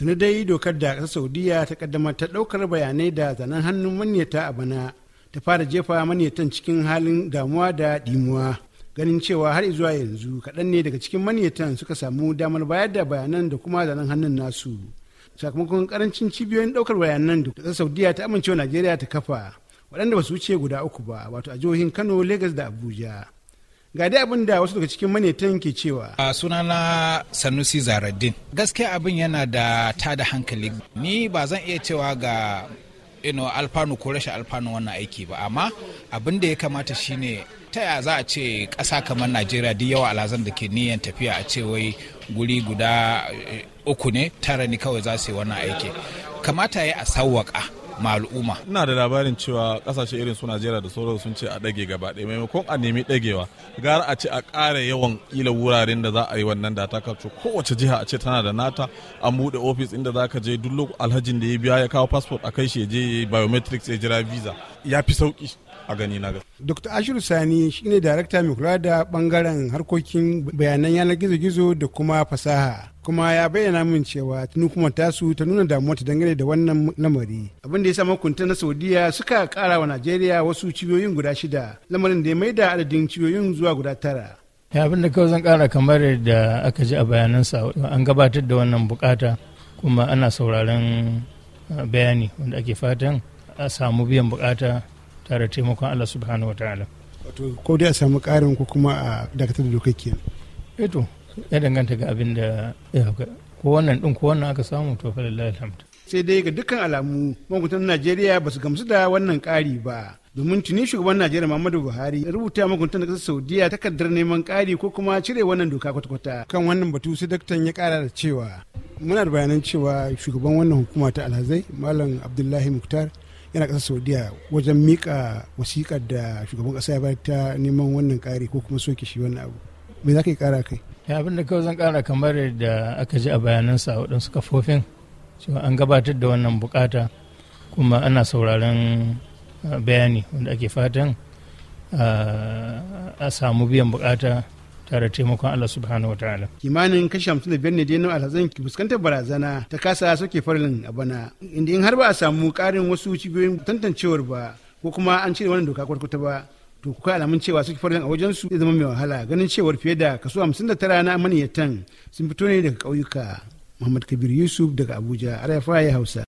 tuni dai dokar da ƙasar saudiya ta kaddamar ta ɗaukar bayanai da zanen hannun manyata a bana ta fara jefa manyatan cikin halin damuwa da ɗimuwa ganin cewa har zuwa yanzu kaɗan ne daga cikin manyatan suka samu damar bayar da bayanan da kuma zanen hannun nasu sakamakon karancin cibiyoyin ɗaukar bayanan da ƙasar saudiya ta amincewa najeriya ta kafa waɗanda ba su wuce guda uku ba wato a jihohin kano lagos da abuja ga dai abin da wasu daga cikin manetan ke cewa a sunana sanusi zaradin gaskiya abin yana da ta da hankali ni ba zan iya cewa ga ino alfanu ko rashin alfanu wannan aiki ba amma abin da ya kamata shine ta yaya za a ce ƙasa kamar najeriya duk yawa alhazan da ke niyan tafiya a ce wai guri guda eh, uku ne tara ne kawai za su yi wannan aiki kamata ya a sawwaka ma al'umma ina da labarin cewa kasashe irin su najeriya da sauran sun ce a dage gaba ɗaya maimakon a nemi ɗagewa gara a ce a ƙara yawan ƙila wuraren da za a yi wannan da ta kafce kowace jiha a ce tana da nata an buɗe ofis inda za ka je duk alhajin da ya biya ya kawo passport a kai shi ya je biometrics ya jira visa ya fi sauki a gani na ga. Dr. Ashiru Sani shine darakta mai kula da bangaren harkokin bayanan yanar gizo-gizo da kuma fasaha. kuma ya bayyana min cewa tun kuma tasu ta nuna damuwa ta dangane da wannan lamari abin da ya sa kunta na saudiya suka kara wa najeriya wasu cibiyoyin guda shida lamarin da ya maida adadin cibiyoyin zuwa guda tara ya abin da kawai zan kara kamar da aka ji a bayanansa an gabatar da wannan bukata kuma ana sauraron eh, bayani wanda ake fatan a samu biyan bukata tare taimakon Allah subhanahu wa ta'ala wato ko dai a samu karin ko kuma a dakatar da dokar kenan eh ya danganta ga abin da ya ko wannan din ko wannan aka samu to fa lillahi alhamd sai dai ga dukkan alamu mahukuntan Najeriya ba su gamsu da wannan ƙari ba domin tuni shugaban najeriya muhammadu buhari rubuta da ƙasar saudiya takardar neman ƙari ko kuma cire wannan doka kwata-kwata kan wannan batu sai daktan ya ƙara da cewa muna da bayanan cewa shugaban wannan hukuma ta alhazai malam abdullahi muktar yana ƙasar saudiya wajen mika wasiƙar da shugaban ƙasa ya bayar ta neman wannan ƙari ko kuma soke shi wannan abu me za ka yi ƙara kai abin da kawai zan ƙara kamar da aka ji a bayanansa a waɗansu kafofin cewa an gabatar da wannan bukata kuma ana sauraron ah, bayani wanda ake fatan ah, a samu biyan buƙata. tare taimakon Allah subhanahu wataala kimanin kashi hamsin da biyar ne dai na alhazan ki fuskantar barazana ta kasa soke farin a bana inda in har ba a samu karin wasu cibiyoyin tantancewar ba ko kuma an cire wannan doka kwarkwata ba to kuka alamun cewa suke farin a wajen su zai zama mai wahala ganin cewar fiye da kaso hamsin da tara na maniyatan sun fito ne daga ƙauyuka Muhammad Kabir Yusuf daga Abuja, Arafa ya Hausa.